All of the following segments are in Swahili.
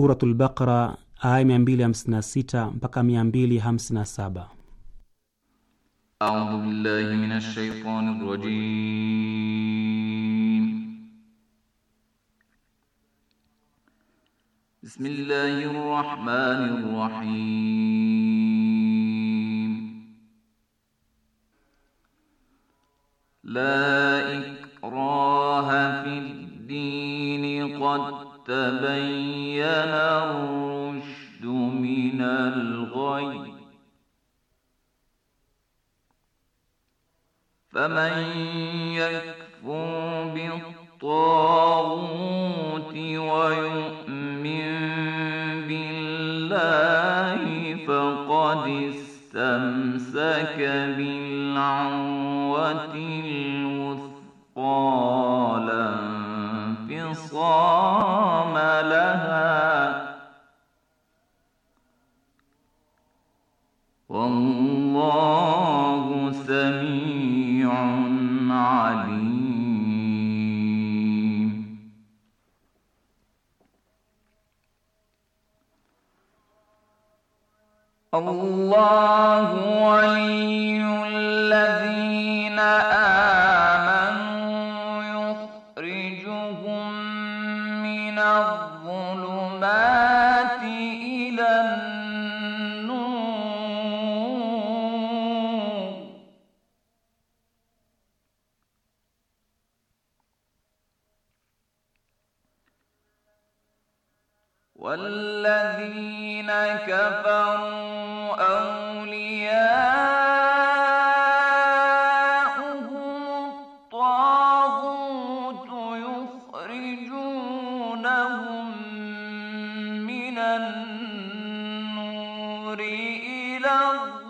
Suratul Baqara aya 256 mpaka 257. A'udhu billahi minash shaitanir rajim. Bismillahir rahmanir rahim. La ikraha fid din qad tabayyana إلى الظلم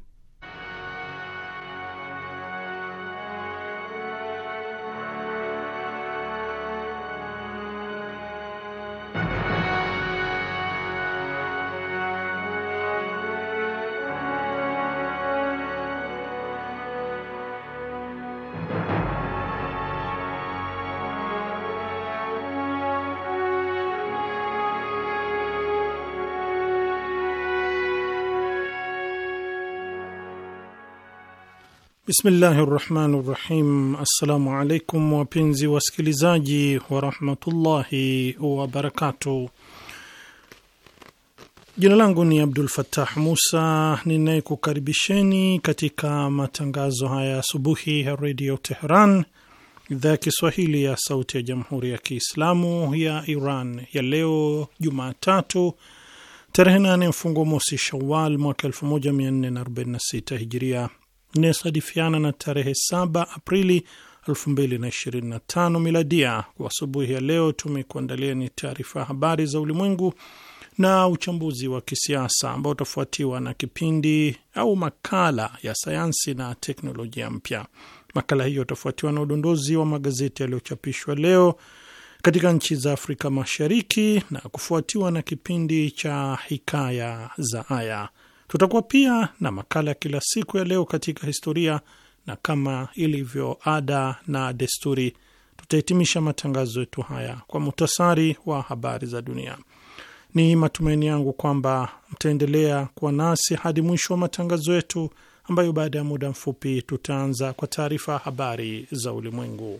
Bismillahi rahmani rahim. Assalamu alaikum wapenzi wasikilizaji warahmatullahi wabarakatuh. Jina langu ni Abdul Fattah Musa ninayekukaribisheni katika matangazo haya asubuhi ya Redio Teheran, idhaa ya Kiswahili ya sauti ya jamhuri ya Kiislamu ya Iran ya leo Jumatatu tarehe 8 mfungo mosi Shawal mwaka 1446 Hijiria inayosadifiana na tarehe 7 Aprili 2025 miladia. Kwa asubuhi ya leo tumekuandalia ni taarifa ya habari za ulimwengu na uchambuzi wa kisiasa ambao utafuatiwa na kipindi au makala ya sayansi na teknolojia mpya. Makala hiyo utafuatiwa na udondozi wa magazeti yaliyochapishwa leo katika nchi za Afrika Mashariki na kufuatiwa na kipindi cha hikaya za aya. Tutakuwa pia na makala ya kila siku ya leo katika historia, na kama ilivyo ada na desturi, tutahitimisha matangazo yetu haya kwa muhtasari wa habari za dunia. Ni matumaini yangu kwamba mtaendelea kuwa nasi hadi mwisho wa matangazo yetu, ambayo baada ya muda mfupi tutaanza kwa taarifa ya habari za ulimwengu.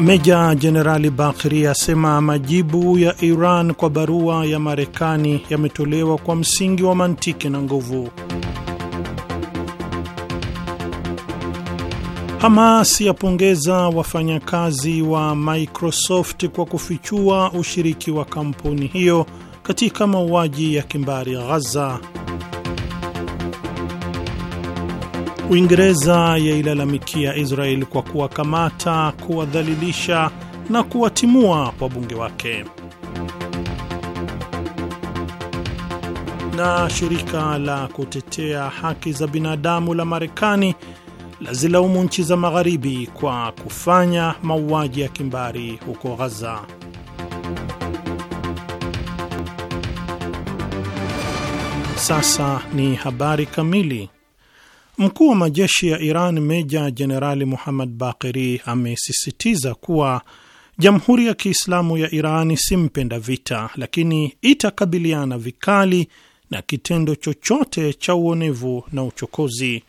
Meja Jenerali Bakhri asema majibu ya Iran kwa barua ya Marekani yametolewa kwa msingi wa mantiki na nguvu. Hamas yapongeza wafanyakazi wa Microsoft kwa kufichua ushiriki wa kampuni hiyo katika mauaji ya kimbari Ghaza. Uingereza yailalamikia Israel kwa kuwakamata, kuwadhalilisha na kuwatimua wabunge wake. Na shirika la kutetea haki za binadamu la Marekani lazilaumu nchi za magharibi kwa kufanya mauaji ya kimbari huko Gaza. Sasa ni habari kamili. Mkuu wa majeshi ya Iran Meja Jenerali Muhammad Bakiri amesisitiza kuwa Jamhuri ya Kiislamu ya Iran si mpenda vita, lakini itakabiliana vikali na kitendo chochote cha uonevu na uchokozi.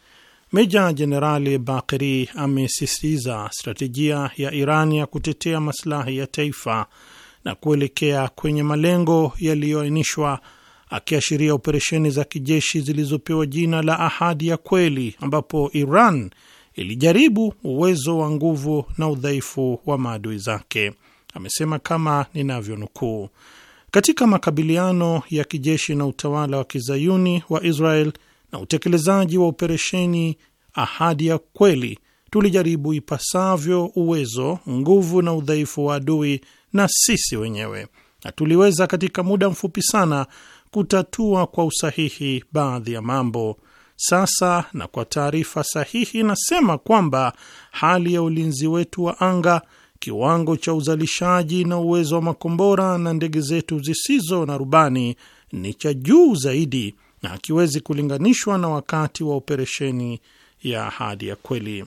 Meja Jenerali Bakiri amesisitiza stratejia ya Iran ya kutetea maslahi ya taifa na kuelekea kwenye malengo yaliyoainishwa akiashiria operesheni za kijeshi zilizopewa jina la Ahadi ya Kweli, ambapo Iran ilijaribu uwezo wa nguvu na udhaifu wa maadui zake. Amesema kama ninavyonukuu, katika makabiliano ya kijeshi na utawala wa kizayuni wa Israel na utekelezaji wa operesheni Ahadi ya Kweli, tulijaribu ipasavyo uwezo, nguvu na udhaifu wa adui na sisi wenyewe, na tuliweza katika muda mfupi sana kutatua kwa usahihi baadhi ya mambo. Sasa na kwa taarifa sahihi, inasema kwamba hali ya ulinzi wetu wa anga, kiwango cha uzalishaji na uwezo wa makombora na ndege zetu zisizo na rubani ni cha juu zaidi na hakiwezi kulinganishwa na wakati wa operesheni ya Ahadi ya Kweli.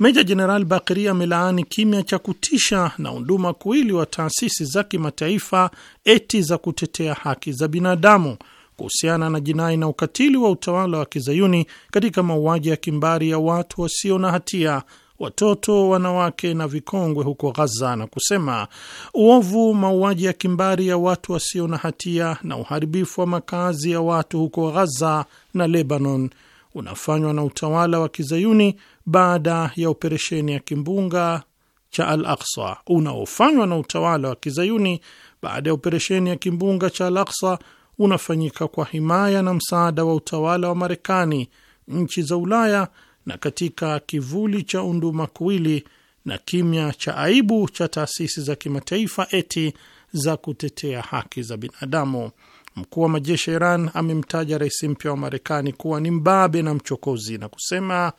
Meja jeneral Bakri amelaani kimya cha kutisha na unduma kuili wa taasisi za kimataifa eti za kutetea haki za binadamu kuhusiana na jinai na ukatili wa utawala wa kizayuni katika mauaji ya kimbari ya watu wasio na hatia, watoto, wanawake na vikongwe huko Ghaza, na kusema uovu, mauaji ya kimbari ya watu wasio na hatia na uharibifu wa makazi ya watu huko Ghaza na Lebanon unafanywa na utawala wa kizayuni baada ya operesheni ya kimbunga cha Al Aksa unaofanywa na utawala wa kizayuni baada ya operesheni ya kimbunga cha Al Aksa unafanyika kwa himaya na msaada wa utawala wa Marekani, nchi za Ulaya na katika kivuli cha undumakuwili na kimya cha aibu cha taasisi za kimataifa eti za kutetea haki za binadamu. Mkuu wa majeshi ya Iran amemtaja rais mpya wa Marekani kuwa ni mbabe na mchokozi na kusema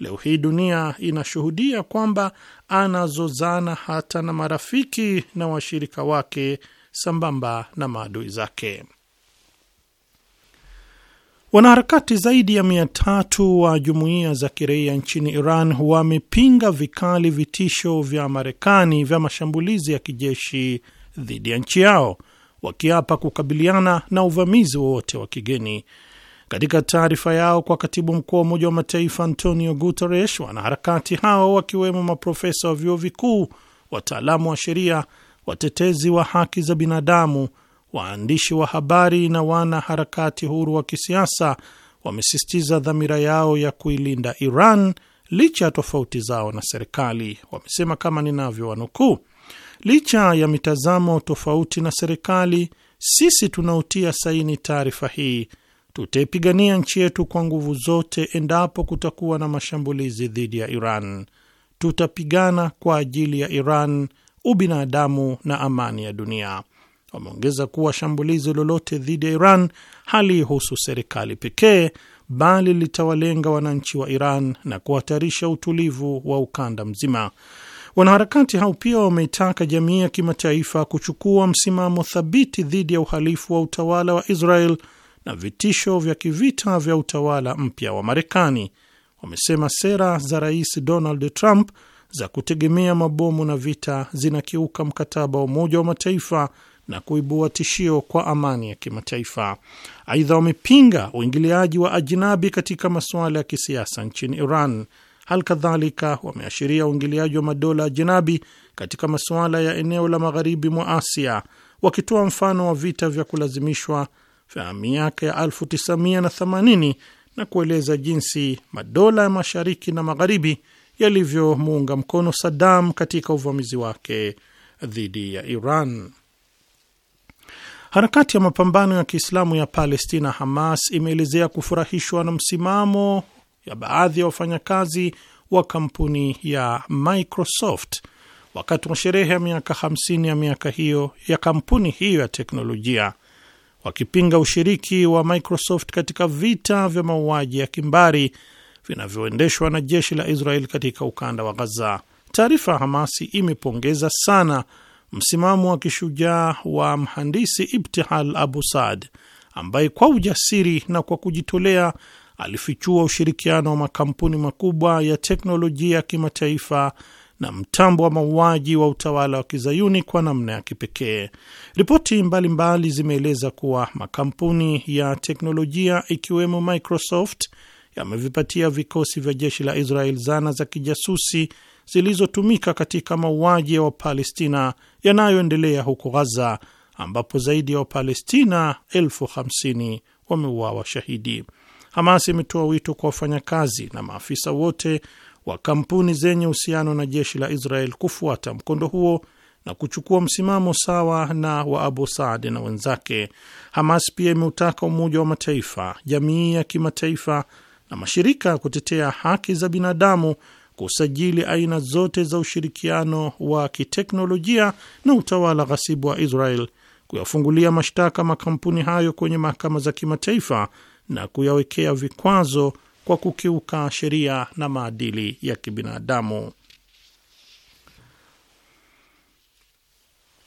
Leo hii dunia inashuhudia kwamba anazozana hata na marafiki na washirika wake sambamba na maadui zake. Wanaharakati zaidi ya mia tatu wa jumuiya za kiraia nchini Iran wamepinga vikali vitisho vya Marekani vya mashambulizi ya kijeshi dhidi ya nchi yao, wakiapa kukabiliana na uvamizi wowote wa kigeni. Katika taarifa yao kwa katibu mkuu wa Umoja wa Mataifa Antonio Guterres, wanaharakati hao wakiwemo maprofesa wa vyuo vikuu, wataalamu wa sheria, watetezi wa haki za binadamu, waandishi wa habari na wanaharakati huru wa kisiasa wamesisitiza dhamira yao ya kuilinda Iran licha ya tofauti zao na serikali. Wamesema kama ninavyowanukuu, licha ya mitazamo tofauti na serikali, sisi tunautia saini taarifa hii tutaipigania nchi yetu kwa nguvu zote endapo kutakuwa na mashambulizi dhidi ya Iran. Tutapigana kwa ajili ya Iran, ubinadamu na amani ya dunia. Wameongeza kuwa shambulizi lolote dhidi ya Iran halihusu serikali pekee, bali litawalenga wananchi wa Iran na kuhatarisha utulivu wa ukanda mzima. Wanaharakati hao pia wameitaka jamii ya kimataifa kuchukua msimamo thabiti dhidi ya uhalifu wa utawala wa Israel na vitisho vya kivita vya utawala mpya wa Marekani. Wamesema sera za Rais Donald Trump za kutegemea mabomu na vita zinakiuka mkataba wa Umoja wa Mataifa na kuibua tishio kwa amani ya kimataifa. Aidha, wamepinga uingiliaji wa ajinabi katika masuala ya kisiasa nchini Iran. Hal kadhalika wameashiria uingiliaji wa madola ajinabi katika masuala ya eneo la magharibi mwa Asia, wakitoa mfano wa vita vya kulazimishwa vya miaka ya 1980 na, kueleza jinsi madola ya mashariki na magharibi yalivyomuunga mkono Saddam katika uvamizi wake dhidi ya Iran. Harakati ya mapambano ya Kiislamu ya Palestina, Hamas, imeelezea kufurahishwa na msimamo ya baadhi ya wafanyakazi wa kampuni ya Microsoft wakati wa sherehe ya miaka 50 ya miaka hiyo ya kampuni hiyo ya teknolojia wakipinga ushiriki wa Microsoft katika vita vya mauaji ya kimbari vinavyoendeshwa na jeshi la Israel katika ukanda wa Gaza. Taarifa ya Hamasi imepongeza sana msimamo wa kishujaa wa mhandisi Ibtihal Abu Saad ambaye kwa ujasiri na kwa kujitolea alifichua ushirikiano wa makampuni makubwa ya teknolojia ya kimataifa na mtambo wa mauaji wa utawala wa kizayuni kwa namna ya kipekee. Ripoti mbalimbali zimeeleza kuwa makampuni ya teknolojia ikiwemo Microsoft yamevipatia vikosi vya jeshi la Israel zana za kijasusi zilizotumika katika mauaji ya Wapalestina yanayoendelea huko Ghaza, ambapo zaidi ya Wapalestina elfu hamsini wameuawa shahidi. Hamas imetoa wito kwa wafanyakazi na maafisa wote kwa kampuni zenye uhusiano na jeshi la Israel kufuata mkondo huo na kuchukua msimamo sawa na wa Abu Saad na wenzake. Hamas pia imeutaka Umoja wa Mataifa, jamii ya kimataifa na mashirika ya kutetea haki za binadamu kusajili aina zote za ushirikiano wa kiteknolojia na utawala ghasibu wa Israel, kuyafungulia mashtaka makampuni hayo kwenye mahakama za kimataifa na kuyawekea vikwazo kwa kukiuka sheria na maadili ya kibinadamu.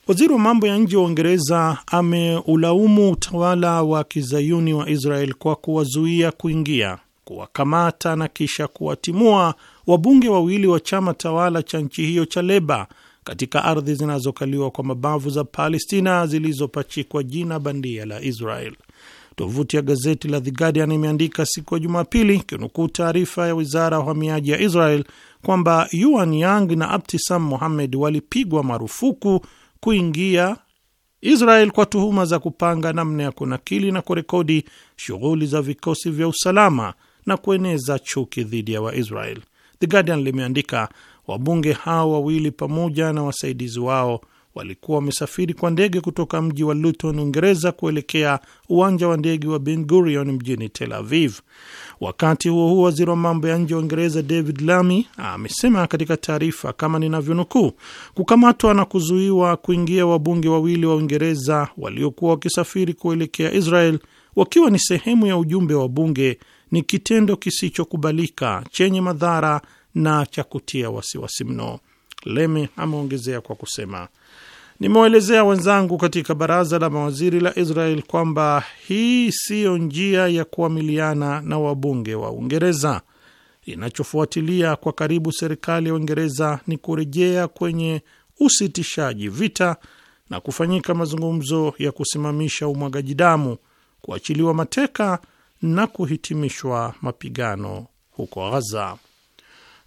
Waziri wa mambo ya nje wa Uingereza ameulaumu utawala wa kizayuni wa Israel kwa kuwazuia kuingia, kuwakamata na kisha kuwatimua wabunge wawili wa chama tawala cha nchi hiyo cha Leba katika ardhi zinazokaliwa kwa mabavu za Palestina zilizopachikwa jina bandia la Israel. Tovuti ya gazeti la The Guardian imeandika siku ya Jumapili ikinukuu taarifa ya wizara ya uhamiaji ya Israel kwamba Yuan Yang na Abtisam Mohamed walipigwa marufuku kuingia Israel kwa tuhuma za kupanga namna ya kunakili na kurekodi shughuli za vikosi vya usalama na kueneza chuki dhidi ya Waisrael. The Guardian limeandika wabunge hao wawili pamoja na wasaidizi wao walikuwa wamesafiri kwa ndege kutoka mji wa Luton, Uingereza, kuelekea uwanja wa ndege wa Ben Gurion mjini Tel Aviv. Wakati huo huo, waziri wa mambo ya nje wa Uingereza David Lammy amesema katika taarifa, kama ninavyonukuu, kukamatwa na kuzuiwa kuingia wabunge wawili wa Uingereza wa waliokuwa wakisafiri kuelekea Israel wakiwa ni sehemu ya ujumbe wa bunge ni kitendo kisichokubalika chenye madhara na cha kutia wasiwasi mno. Leme ameongezea kwa kusema Nimewaelezea wenzangu katika baraza la mawaziri la Israel kwamba hii siyo njia ya kuamiliana na wabunge wa Uingereza. Inachofuatilia kwa karibu serikali ya Uingereza ni kurejea kwenye usitishaji vita na kufanyika mazungumzo ya kusimamisha umwagaji damu, kuachiliwa mateka na kuhitimishwa mapigano huko Ghaza.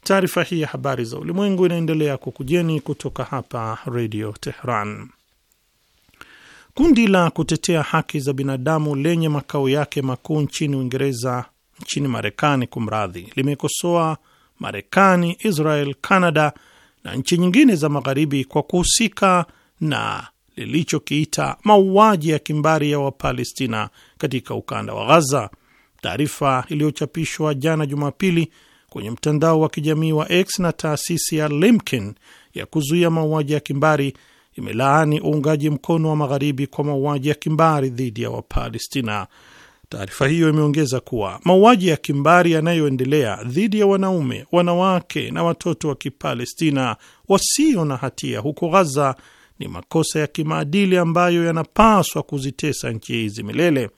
Taarifa hii ya habari za ulimwengu inaendelea kukujeni kutoka hapa Redio Tehran. Kundi la kutetea haki za binadamu lenye makao yake makuu nchini Uingereza, nchini Marekani kumradhi, limekosoa Marekani, Israel, Canada na nchi nyingine za Magharibi kwa kuhusika na lilichokiita mauaji ya kimbari ya Wapalestina katika ukanda wa Ghaza. Taarifa iliyochapishwa jana Jumapili kwenye mtandao wa kijamii wa X na taasisi ya Lemkin ya kuzuia mauaji ya kimbari imelaani uungaji mkono wa magharibi kwa mauaji ya kimbari dhidi ya Wapalestina. Taarifa hiyo imeongeza kuwa mauaji ya kimbari yanayoendelea dhidi ya wanaume, wanawake na watoto wa Kipalestina wasio na hatia huko Ghaza ni makosa ya kimaadili ambayo yanapaswa kuzitesa nchi hizi milele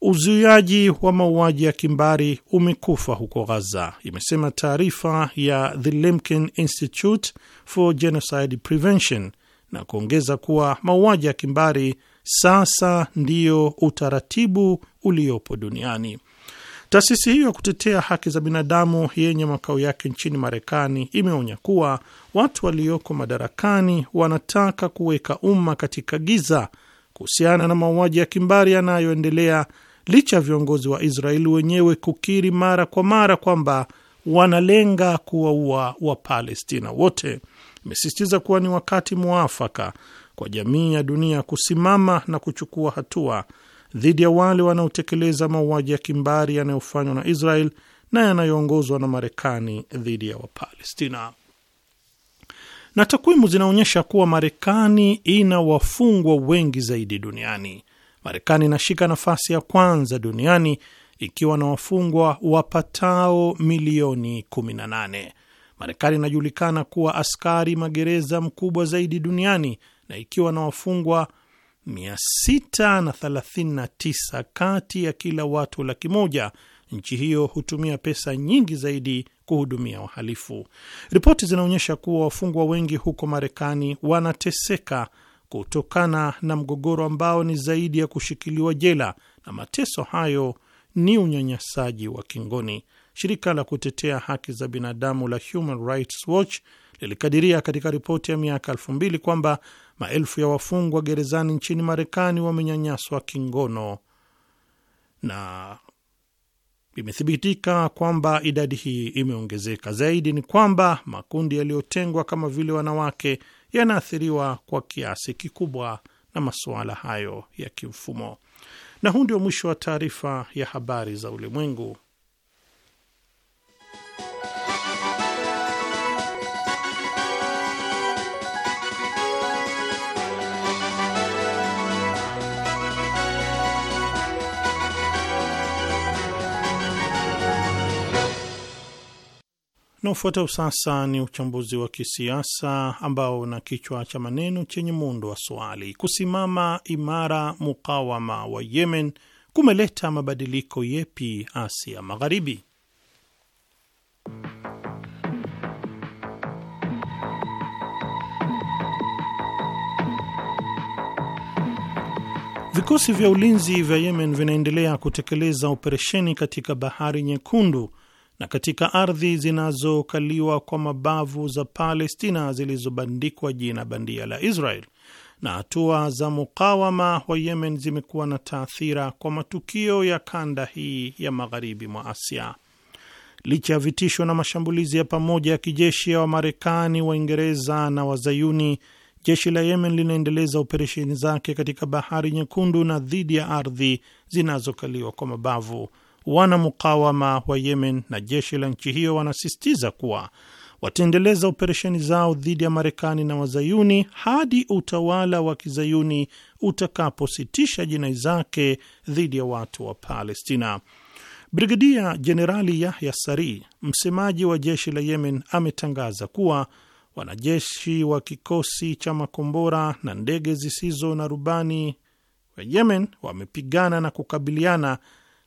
uzuiaji wa mauaji ya kimbari umekufa huko Ghaza, imesema taarifa ya The Lemkin Institute for Genocide Prevention, na kuongeza kuwa mauaji ya kimbari sasa ndiyo utaratibu uliopo duniani. Taasisi hiyo ya kutetea haki za binadamu yenye makao yake nchini Marekani imeonya kuwa watu walioko madarakani wanataka kuweka umma katika giza kuhusiana na mauaji ya kimbari yanayoendelea licha ya viongozi wa Israeli wenyewe kukiri mara kwa mara kwamba wanalenga kuwaua Wapalestina wote. Imesisitiza kuwa ni wakati mwafaka kwa jamii ya dunia kusimama na kuchukua hatua dhidi ya wale wanaotekeleza mauaji ya kimbari yanayofanywa na Israel na yanayoongozwa na Marekani dhidi ya Wapalestina. Na takwimu zinaonyesha kuwa Marekani ina wafungwa wengi zaidi duniani. Marekani inashika nafasi ya kwanza duniani ikiwa na wafungwa wapatao milioni 18. Marekani inajulikana kuwa askari magereza mkubwa zaidi duniani na ikiwa na wafungwa 639 kati ya kila watu laki moja. Nchi hiyo hutumia pesa nyingi zaidi kuhudumia wahalifu. Ripoti zinaonyesha kuwa wafungwa wengi huko Marekani wanateseka kutokana na mgogoro ambao ni zaidi ya kushikiliwa jela, na mateso hayo ni unyanyasaji wa kingoni. Shirika la kutetea haki za binadamu la Human Rights Watch lilikadiria katika ripoti ya miaka elfu mbili kwamba maelfu ya wafungwa gerezani nchini Marekani wamenyanyaswa kingono na Imethibitika kwamba idadi hii imeongezeka zaidi. Ni kwamba makundi yaliyotengwa kama vile wanawake yanaathiriwa kwa kiasi kikubwa na masuala hayo ya kimfumo. Na huu ndio mwisho wa taarifa ya habari za ulimwengu. Unaofuata sasa ni uchambuzi wa kisiasa ambao una kichwa cha maneno chenye muundo wa swali: kusimama imara mukawama wa Yemen kumeleta mabadiliko yepi Asia Magharibi? Vikosi vya ulinzi vya Yemen vinaendelea kutekeleza operesheni katika Bahari Nyekundu na katika ardhi zinazokaliwa kwa mabavu za Palestina zilizobandikwa jina bandia la Israel, na hatua za mukawama wa Yemen zimekuwa na taathira kwa matukio ya kanda hii ya magharibi mwa Asia. Licha ya vitisho na mashambulizi ya pamoja ya kijeshi ya Wamarekani, Waingereza na Wazayuni, jeshi la Yemen linaendeleza operesheni zake katika Bahari Nyekundu na dhidi ya ardhi zinazokaliwa kwa mabavu wanamukawama wa Yemen na jeshi la nchi hiyo wanasisitiza kuwa wataendeleza operesheni zao dhidi ya Marekani na wazayuni hadi utawala wa kizayuni utakapositisha jinai zake dhidi ya watu wa Palestina. Brigadia Jenerali Yahya Sari, msemaji wa jeshi la Yemen, ametangaza kuwa wanajeshi wa kikosi cha makombora na ndege zisizo na rubani wa Yemen wamepigana na kukabiliana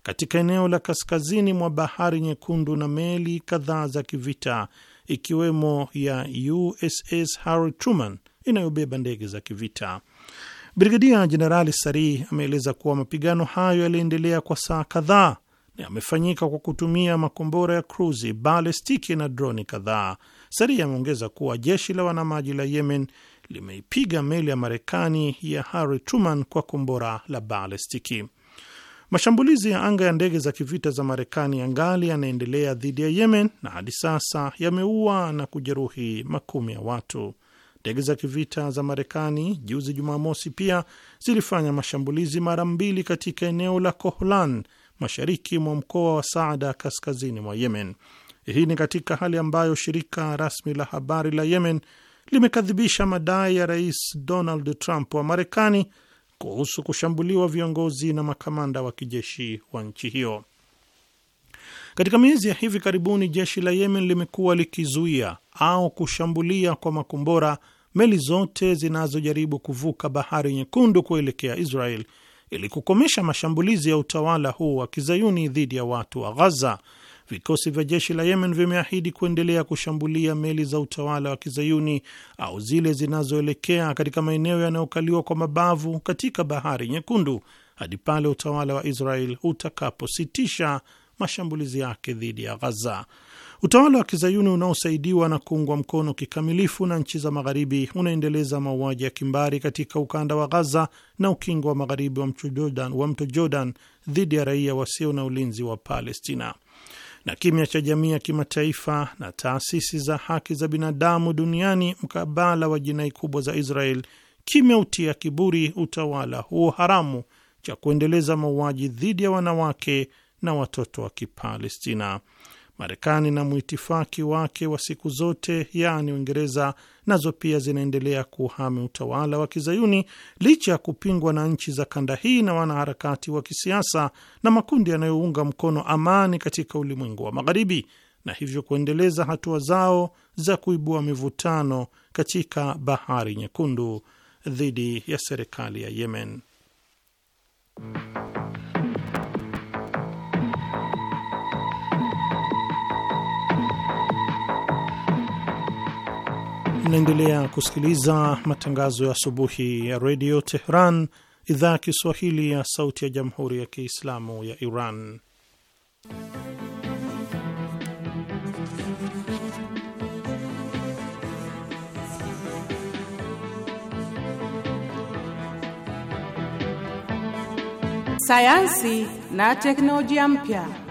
katika eneo la kaskazini mwa Bahari Nyekundu na meli kadhaa za kivita ikiwemo ya USS Harry Truman inayobeba ndege za kivita. Brigadia Jenerali Sari ameeleza kuwa mapigano hayo yaliendelea kwa saa kadhaa na yamefanyika kwa kutumia makombora ya kruzi, balestiki na droni kadhaa. Sari ameongeza kuwa jeshi la wanamaji la Yemen limeipiga meli ya Marekani ya Harry Truman kwa kombora la balestiki. Mashambulizi ya anga ya ndege za kivita za Marekani yangali yanaendelea dhidi ya Yemen na hadi sasa yameua na kujeruhi makumi ya watu. Ndege za kivita za Marekani juzi Jumamosi pia zilifanya mashambulizi mara mbili katika eneo la Kohlan mashariki mwa mkoa wa Saada kaskazini mwa Yemen. Hii ni katika hali ambayo shirika rasmi la habari la Yemen limekadhibisha madai ya Rais Donald Trump wa Marekani kuhusu kushambuliwa viongozi na makamanda wa kijeshi wa nchi hiyo. Katika miezi ya hivi karibuni, jeshi la Yemen limekuwa likizuia au kushambulia kwa makombora meli zote zinazojaribu kuvuka bahari nyekundu kuelekea Israel ili kukomesha mashambulizi ya utawala huu wa kizayuni dhidi ya watu wa Ghaza Vikosi vya jeshi la Yemen vimeahidi kuendelea kushambulia meli za utawala wa kizayuni au zile zinazoelekea katika maeneo yanayokaliwa kwa mabavu katika bahari Nyekundu hadi pale utawala wa Israel utakapositisha mashambulizi yake dhidi ya Ghaza. Utawala wa kizayuni unaosaidiwa na kuungwa mkono kikamilifu na nchi za Magharibi unaendeleza mauaji ya kimbari katika ukanda wa Ghaza na ukingo wa magharibi wa mto Jordan dhidi ya raia wasio na ulinzi wa Palestina na kimya cha jamii ya kimataifa na taasisi za haki za binadamu duniani mkabala wa jinai kubwa za Israel kimeutia kiburi utawala huo haramu cha kuendeleza mauaji dhidi ya wanawake na watoto wa Kipalestina. Marekani na mwitifaki wake wa siku zote, yaani Uingereza, nazo pia zinaendelea kuhami utawala wa kizayuni licha ya kupingwa na nchi za kanda hii na wanaharakati wa kisiasa na makundi yanayounga mkono amani katika ulimwengu wa Magharibi, na hivyo kuendeleza hatua zao za kuibua mivutano katika Bahari Nyekundu dhidi ya serikali ya Yemen. Mnaendelea kusikiliza matangazo ya asubuhi ya redio Tehran, idhaa ya Kiswahili ya sauti ya jamhuri ya Kiislamu ya Iran. Sayansi na teknolojia mpya.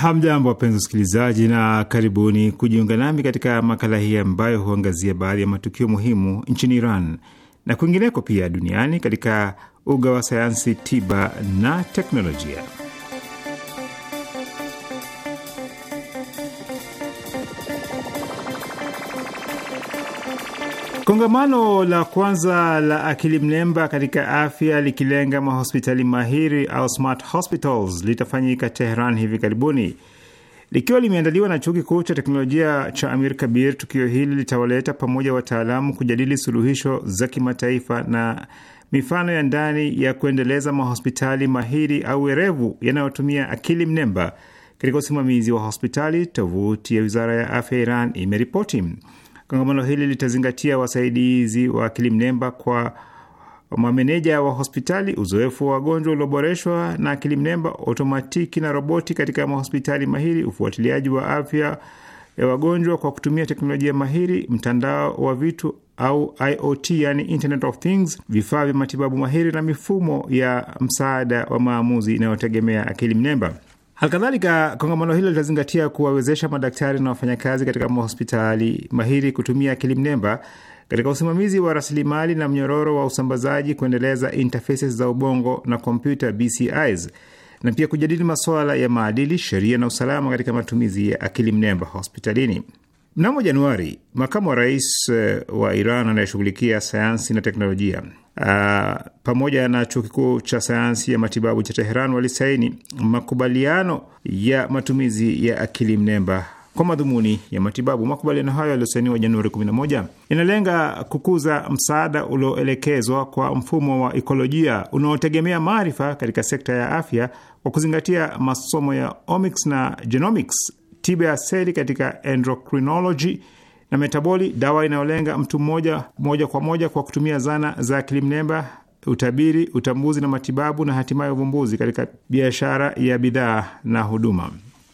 Hamjambo, wapenzi wasikilizaji, na karibuni kujiunga nami katika makala hii ambayo huangazia baadhi ya matukio muhimu nchini Iran na kwingineko pia duniani katika uga wa sayansi, tiba na teknolojia. Kongamano la kwanza la akili mnemba katika afya likilenga mahospitali mahiri au smart hospitals litafanyika Tehran hivi karibuni likiwa limeandaliwa na chuo kikuu cha teknolojia cha Amir Kabir. Tukio hili litawaleta pamoja wataalamu kujadili suluhisho za kimataifa na mifano ya ndani ya kuendeleza mahospitali mahiri au werevu yanayotumia akili mnemba katika usimamizi wa hospitali, tovuti ya wizara ya afya Iran imeripoti. Kongamano hili litazingatia wasaidizi wa akili mnemba kwa mameneja wa hospitali, uzoefu wa wagonjwa ulioboreshwa na akili mnemba, otomatiki na roboti katika mahospitali mahiri, ufuatiliaji wa afya ya wagonjwa kwa kutumia teknolojia mahiri, mtandao wa vitu au IoT, yani Internet of Things, vifaa vya matibabu mahiri na mifumo ya msaada wa maamuzi inayotegemea akili mnemba. Halikadhalika, kongamano hilo litazingatia kuwawezesha madaktari na wafanyakazi katika mahospitali mahiri kutumia akili mnemba katika usimamizi wa rasilimali na mnyororo wa usambazaji, kuendeleza interfaces za ubongo na kompyuta BCIs, na pia kujadili masuala ya maadili, sheria na usalama katika matumizi ya akili mnemba hospitalini. Mnamo Januari, makamu wa rais eh, wa Iran anayeshughulikia sayansi na teknolojia Uh, pamoja na chuo kikuu cha sayansi ya matibabu cha Teheran walisaini makubaliano ya matumizi ya akili mnemba kwa madhumuni ya matibabu. Makubaliano hayo yaliyosainiwa Januari 11 inalenga kukuza msaada ulioelekezwa kwa mfumo wa ikolojia unaotegemea maarifa katika sekta ya afya kwa kuzingatia masomo ya omics na genomics, tiba ya seli katika endocrinology na metaboli, dawa inayolenga mtu mmoja moja kwa moja kwa kutumia zana za akili utabiri, utambuzi na matibabu, na hatimaye uvumbuzi katika biashara ya bidhaa na huduma.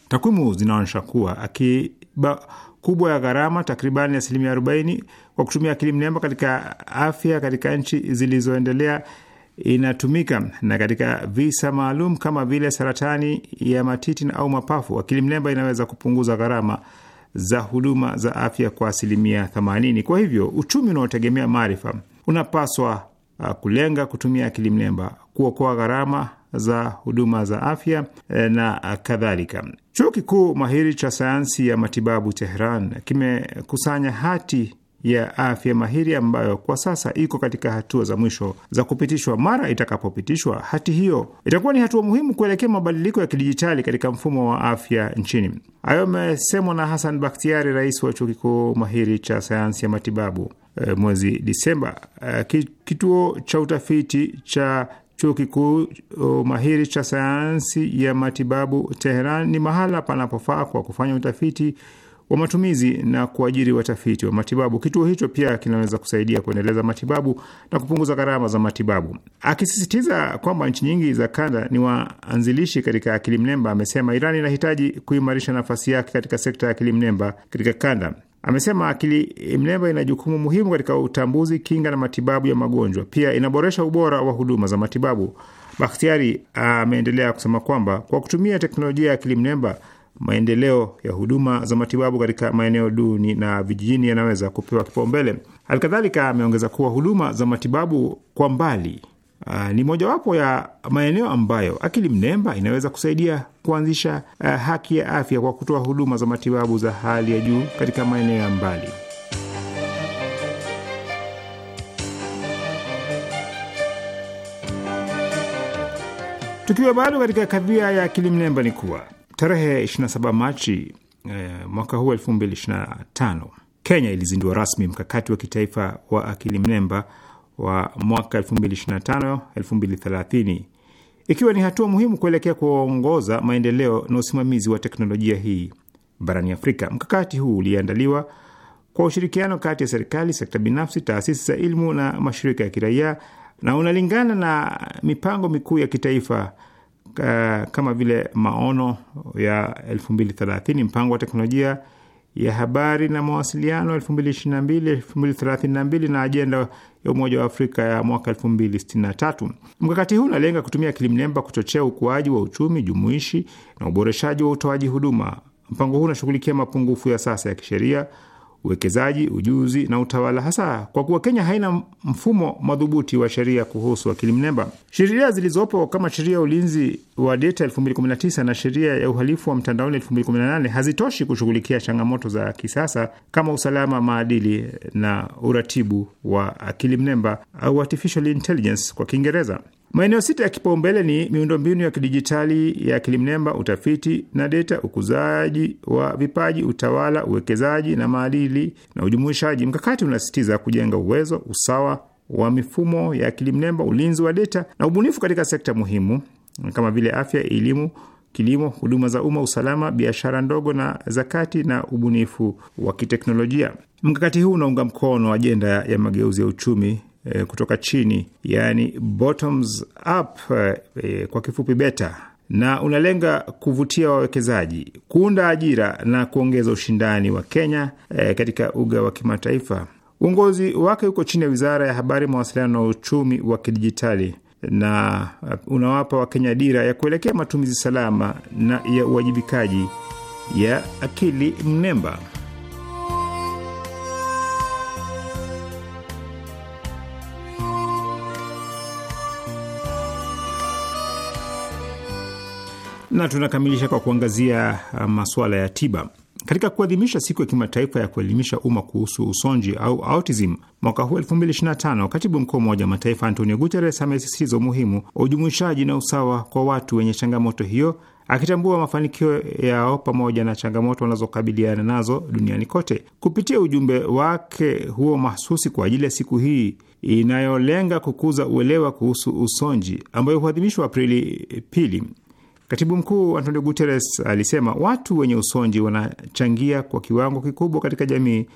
Takwimu zinaonyesha kuwa akiba kubwa ya gharama takribani asilimia arobaini kwa kutumia akili mnemba katika afya katika nchi zilizoendelea inatumika na katika visa maalum kama vile saratani ya matiti au mapafu, akili mnemba inaweza kupunguza gharama za huduma za afya kwa asilimia 80. Kwa hivyo uchumi unaotegemea maarifa unapaswa uh, kulenga kutumia akili mnemba, kuokoa gharama za huduma za afya eh, na kadhalika. Chuo kikuu mahiri cha sayansi ya matibabu Tehran kimekusanya hati ya afya mahiri ambayo kwa sasa iko katika hatua za mwisho za kupitishwa. Mara itakapopitishwa, hati hiyo itakuwa ni hatua muhimu kuelekea mabadiliko ya kidijitali katika mfumo wa afya nchini. Hayo amesemwa na Hassan Bakhtiari, rais wa chuo kikuu mahiri cha sayansi ya matibabu eh, mwezi Disemba. Eh, kituo cha utafiti cha chuo kikuu oh, mahiri cha sayansi ya matibabu Teheran ni mahala panapofaa kwa kufanya utafiti wa matumizi na kuajiri watafiti wa matibabu. Kituo hicho pia kinaweza kusaidia kuendeleza matibabu na kupunguza gharama za matibabu. Akisisitiza kwamba nchi nyingi za kanda ni waanzilishi katika akili mnemba, amesema Iran inahitaji kuimarisha nafasi yake katika sekta ya akili mnemba katika kanda. Amesema akili mnemba ina jukumu muhimu katika utambuzi, kinga na matibabu ya magonjwa. Pia inaboresha ubora wa huduma za matibabu. Bakhtiari ameendelea kusema kwamba kwa kutumia teknolojia ya akili mnemba maendeleo ya huduma za matibabu katika maeneo duni na vijijini yanaweza kupewa kipaumbele. Halikadhalika, ameongeza kuwa huduma za matibabu kwa mbali Uh, ni mojawapo ya maeneo ambayo akili mnemba inaweza kusaidia kuanzisha uh, haki ya afya kwa kutoa huduma za matibabu za hali ya juu katika maeneo ya mbali. Tukiwa bado katika kadhia ya akili mnemba, ni kuwa Tarehe 27 Machi eh, mwaka huu 2025 Kenya ilizindua rasmi mkakati wa kitaifa wa akili mnemba wa mwaka 2025 2030 ikiwa ni hatua muhimu kuelekea kuongoza maendeleo na usimamizi wa teknolojia hii barani Afrika. Mkakati huu uliandaliwa kwa ushirikiano kati ya serikali, sekta binafsi, taasisi za elimu na mashirika ya kiraia na unalingana na mipango mikuu ya kitaifa Eh, kama vile maono ya 2030, mpango wa teknolojia ya habari na mawasiliano 2022 2032 na ajenda ya Umoja wa Afrika ya mwaka 2063. Mkakati huu unalenga kutumia akili mnemba kuchochea ukuaji wa uchumi jumuishi na uboreshaji wa utoaji huduma. Mpango huu unashughulikia mapungufu ya sasa ya kisheria, uwekezaji, ujuzi na utawala, hasa kwa kuwa Kenya haina mfumo madhubuti wa sheria kuhusu akili mnemba. Sheria zilizopo kama sheria ya ulinzi wa data 2019 na sheria ya uhalifu wa mtandaoni 2018 hazitoshi kushughulikia changamoto za kisasa kama usalama, maadili na uratibu wa akili mnemba au artificial intelligence kwa Kiingereza. Maeneo sita ya kipaumbele ni miundombinu ya kidijitali ya kilimnemba, utafiti na data, ukuzaji wa vipaji, utawala, uwekezaji na maadili na ujumuishaji. Mkakati unasisitiza kujenga uwezo, usawa wa mifumo ya kilimnemba, ulinzi wa data na ubunifu katika sekta muhimu kama vile afya, elimu, kilimo, huduma za umma, usalama, biashara ndogo na zakati na ubunifu wa kiteknolojia. Mkakati huu unaunga mkono ajenda ya mageuzi ya uchumi Eh, kutoka chini, yani bottoms up e, kwa kifupi beta, na unalenga kuvutia wawekezaji, kuunda ajira na kuongeza ushindani wa Kenya e, katika uga wa kimataifa. Uongozi wake uko chini ya Wizara ya Habari, Mawasiliano na Uchumi wa Kidijitali na unawapa Wakenya dira ya kuelekea matumizi salama na ya uwajibikaji ya akili mnemba. na tunakamilisha kwa kuangazia uh, masuala ya tiba. Katika kuadhimisha siku ya kimataifa ya kuelimisha umma kuhusu usonji au autism mwaka huu 2025, katibu mkuu wa Umoja wa Mataifa Antonio Guterres amesisitiza umuhimu wa ujumuishaji na usawa kwa watu wenye changamoto hiyo, akitambua mafanikio yao pamoja na changamoto wanazokabiliana nazo duniani kote. Kupitia ujumbe wake huo mahsusi kwa ajili ya siku hii inayolenga kukuza uelewa kuhusu usonji ambayo huadhimishwa Aprili pili, Katibu mkuu Antonio Guterres alisema watu wenye usonji wanachangia kwa kiwango kikubwa katika jamii,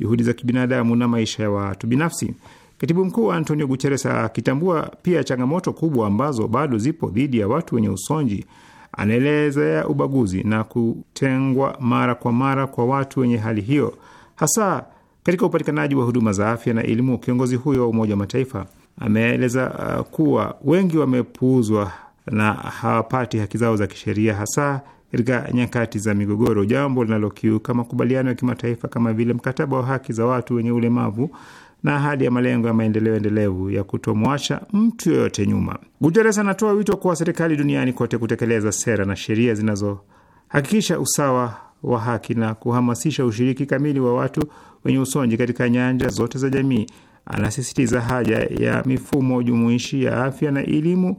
juhudi za kibinadamu na maisha ya watu binafsi. Katibu mkuu Antonio Guterres akitambua pia changamoto kubwa ambazo bado zipo dhidi ya watu wenye usonji, anaelezea ubaguzi na kutengwa mara kwa mara kwa watu wenye hali hiyo, hasa katika upatikanaji wa huduma za afya na elimu. Kiongozi huyo wa Umoja wa Mataifa ameeleza uh, kuwa wengi wamepuuzwa na hawapati haki zao za kisheria hasa katika nyakati za migogoro, jambo linalokiuka makubaliano ya kimataifa kama vile mkataba wa haki za watu wenye ulemavu na ahadi ya malengo ya maendeleo endelevu ya kutomwacha mtu yoyote nyuma. Guteres anatoa wito kwa serikali duniani kote kutekeleza sera na sheria zinazohakikisha usawa wa haki na kuhamasisha ushiriki kamili wa watu wenye usonji katika nyanja zote za jamii. Anasisitiza haja ya mifumo jumuishi ya afya na elimu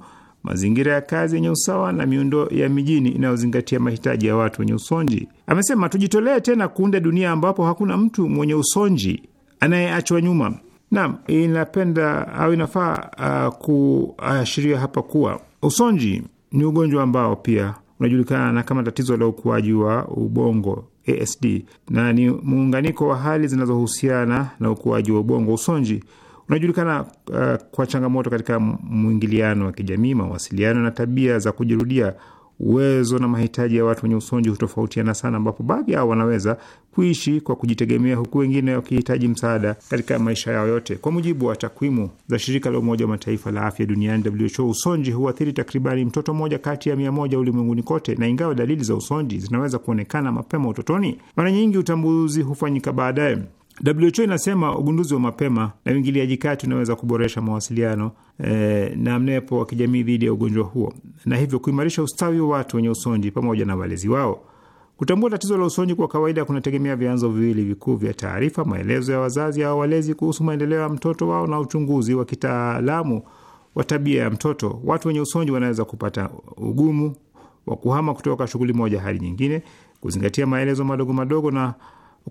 mazingira ya kazi yenye usawa na miundo ya mijini inayozingatia mahitaji ya watu wenye usonji. Amesema tujitolee tena kuunda dunia ambapo hakuna mtu mwenye usonji anayeachwa nyuma. Naam, inapenda au inafaa uh, kuashiria hapa kuwa usonji ni ugonjwa ambao pia unajulikana kama tatizo la ukuaji wa ubongo ASD, na ni muunganiko wa hali zinazohusiana na ukuaji wa ubongo. Usonji unajulikana uh, kwa changamoto katika mwingiliano wa kijamii, mawasiliano na tabia za kujirudia. Uwezo na mahitaji ya watu wenye usonji hutofautiana sana, ambapo baadhi yao wanaweza kuishi kwa kujitegemea huku wengine wakihitaji msaada katika maisha yao yote. Kwa mujibu wa takwimu za shirika la Umoja wa Mataifa la afya duniani WHO, usonji huathiri takribani mtoto mmoja kati ya mia moja ulimwenguni kote, na ingawa dalili za usonji zinaweza kuonekana mapema utotoni, mara nyingi utambuzi hufanyika baadaye. WHO inasema ugunduzi wa mapema na uingiliaji kati unaweza kuboresha mawasiliano e, na mnepo wa kijamii dhidi ya ugonjwa huo na hivyo kuimarisha ustawi wa watu wenye usonji pamoja na walezi wao. Kutambua tatizo la usonji kwa kawaida kunategemea vyanzo viwili vikuu vya taarifa: maelezo ya wazazi au walezi kuhusu maendeleo ya mtoto wao na uchunguzi wa kitaalamu wa tabia ya mtoto. Watu wenye usonji wanaweza kupata ugumu wa kuhama kutoka shughuli moja hadi nyingine, kuzingatia maelezo madogo madogo na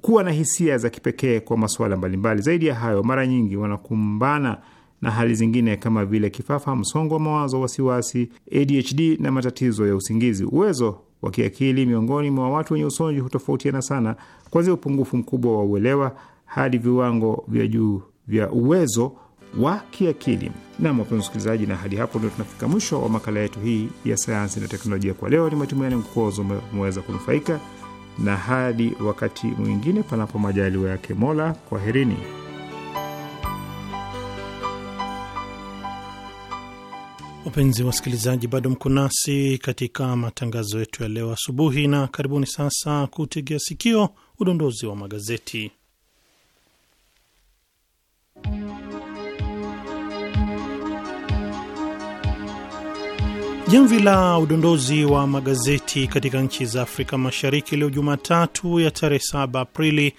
kuwa na hisia za kipekee kwa masuala mbalimbali. Zaidi ya hayo, mara nyingi wanakumbana na hali zingine kama vile kifafa, msongo wa mawazo, wasiwasi, ADHD na matatizo ya usingizi. Uwezo wa kiakili miongoni mwa watu wenye usonji hutofautiana sana, kuanzia upungufu mkubwa wa uelewa hadi viwango vya juu vya uwezo wa kiakili. Nam, wapenzi wasikilizaji, na hadi hapo ndio tunafika mwisho wa makala yetu hii ya sayansi na teknolojia kwa leo. Ni matumaini mkozo umeweza kunufaika na hadi wakati mwingine, panapo majaliwa yake Mola. Kwaherini. Wapenzi wasikilizaji, bado mko nasi katika matangazo yetu ya leo asubuhi, na karibuni sasa kutegea sikio udondozi wa magazeti. Jamvi la udondozi wa magazeti katika nchi za Afrika Mashariki leo Jumatatu ya tarehe 7 Aprili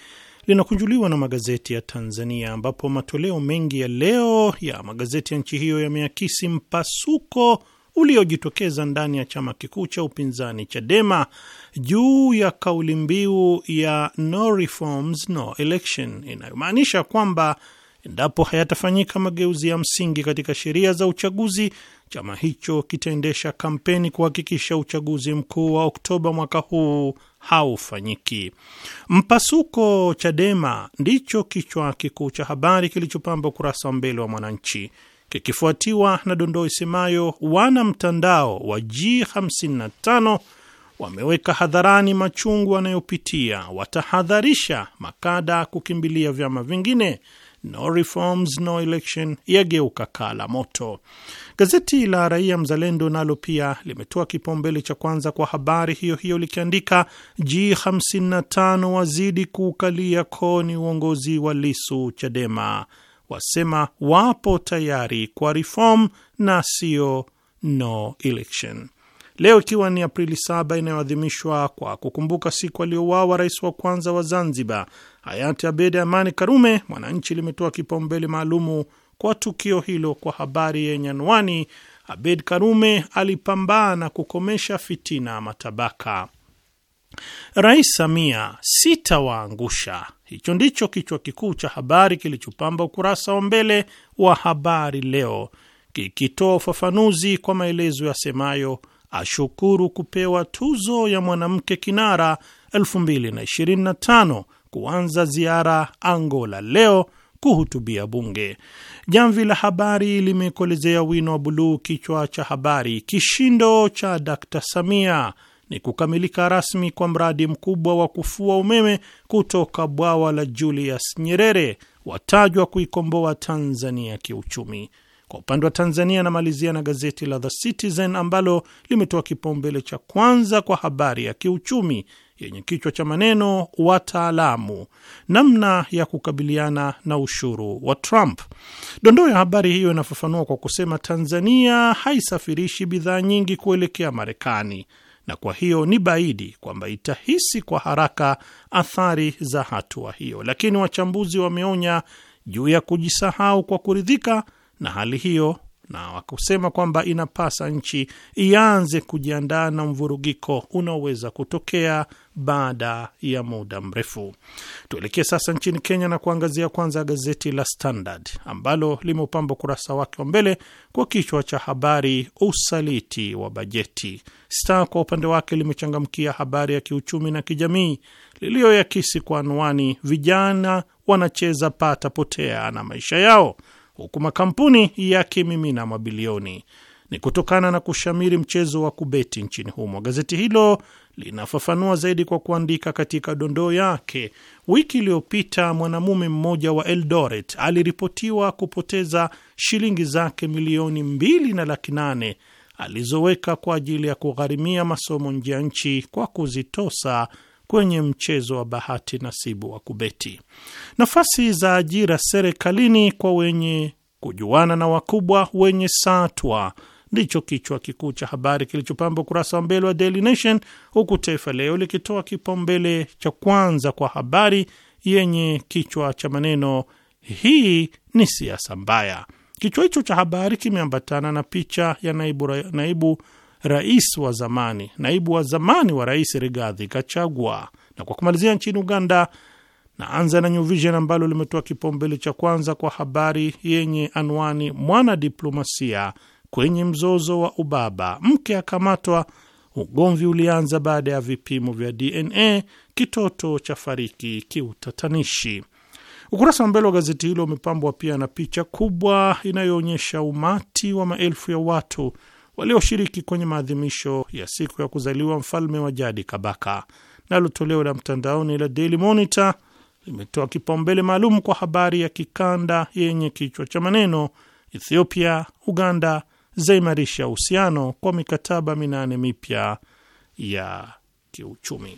linakunjuliwa na magazeti ya Tanzania, ambapo matoleo mengi ya leo ya magazeti ya nchi hiyo yameakisi mpasuko uliojitokeza ndani ya chama kikuu cha upinzani Chadema juu ya kauli mbiu ya no reforms, no election, inayomaanisha kwamba endapo hayatafanyika mageuzi ya msingi katika sheria za uchaguzi chama hicho kitaendesha kampeni kuhakikisha uchaguzi mkuu wa Oktoba mwaka huu haufanyiki. Mpasuko Chadema ndicho kichwa kikuu cha habari kilichopamba ukurasa wa mbele wa Mwananchi, kikifuatiwa na dondoo isemayo wana mtandao wa G55 wameweka hadharani machungu wanayopitia, watahadharisha makada kukimbilia vyama vingine, no reforms, no election yageuka kaa la moto. Gazeti la Raia Mzalendo nalo pia limetoa kipaumbele cha kwanza kwa habari hiyo hiyo likiandika G55 wazidi kuukalia koni uongozi wa Lisu, Chadema wasema wapo tayari kwa reform na sio no election. Leo ikiwa ni Aprili 7 inayoadhimishwa kwa kukumbuka siku aliyouawa rais wa kwanza wa Zanzibar hayati Abedi Amani Karume, Mwananchi limetoa kipaumbele maalumu kwa tukio hilo kwa habari yenye anwani Abed Karume alipambana kukomesha fitina matabaka. Rais Samia sitawaangusha. Hicho ndicho kichwa kikuu cha habari kilichopamba ukurasa wa mbele wa Habari Leo, kikitoa ufafanuzi kwa maelezo yasemayo ashukuru kupewa tuzo ya mwanamke kinara 2025 kuanza ziara Angola leo kuhutubia bunge. Jamvi la Habari limekolezea wino wa buluu kichwa cha habari, kishindo cha Dkt Samia ni kukamilika rasmi kwa mradi mkubwa wa kufua umeme kutoka bwawa la Julius Nyerere, watajwa kuikomboa wa Tanzania kiuchumi. Kwa upande wa Tanzania, anamalizia na gazeti la The Citizen ambalo limetoa kipaumbele cha kwanza kwa habari ya kiuchumi yenye kichwa cha maneno wataalamu, namna ya kukabiliana na ushuru wa Trump. Dondoo ya habari hiyo inafafanua kwa kusema Tanzania haisafirishi bidhaa nyingi kuelekea Marekani na kwa hiyo ni baidi kwamba itahisi kwa haraka athari za hatua hiyo, lakini wachambuzi wameonya juu ya kujisahau kwa kuridhika na hali hiyo na wakusema kwamba inapasa nchi ianze kujiandaa na mvurugiko unaoweza kutokea baada ya muda mrefu. Tuelekee sasa nchini Kenya na kuangazia kwanza gazeti la Standard ambalo limeupamba ukurasa wake wa mbele kwa kichwa cha habari usaliti wa bajeti. Star kwa upande wake limechangamkia habari ya kiuchumi na kijamii liliyoyakisi kwa anwani vijana wanacheza pata potea na maisha yao huku makampuni yakimimina mabilioni. Ni kutokana na kushamiri mchezo wa kubeti nchini humo. Gazeti hilo linafafanua zaidi kwa kuandika katika dondoo yake, wiki iliyopita mwanamume mmoja wa Eldoret aliripotiwa kupoteza shilingi zake milioni mbili na laki nane alizoweka kwa ajili ya kugharimia masomo nje ya nchi kwa kuzitosa kwenye mchezo wa bahati nasibu wa kubeti. Nafasi za ajira serikalini kwa wenye kujuana na wakubwa wenye satwa ndicho kichwa kikuu cha habari kilichopamba ukurasa wa mbele wa Daily Nation, huku Taifa Leo likitoa kipaumbele cha kwanza kwa habari yenye kichwa cha maneno hii ni siasa mbaya. Kichwa hicho cha habari kimeambatana na picha ya naibu, naibu rais wa zamani, naibu wa zamani wa rais Rigathi Gachagua. Na kwa kumalizia, nchini Uganda naanza na New Vision ambalo limetoa kipaumbele cha kwanza kwa habari yenye anwani mwanadiplomasia kwenye mzozo wa ubaba, mke akamatwa, ugomvi ulianza baada ya vipimo vya DNA, kitoto cha fariki kiutatanishi. Ukurasa wa mbele wa gazeti hilo umepambwa pia na picha kubwa inayoonyesha umati wa maelfu ya watu walioshiriki kwenye maadhimisho ya siku ya kuzaliwa mfalme wa jadi Kabaka. Nalo toleo la mtandaoni la Daily Monitor limetoa kipaumbele maalum kwa habari ya kikanda yenye kichwa cha maneno Ethiopia Uganda zaimarisha uhusiano kwa mikataba minane mipya ya kiuchumi.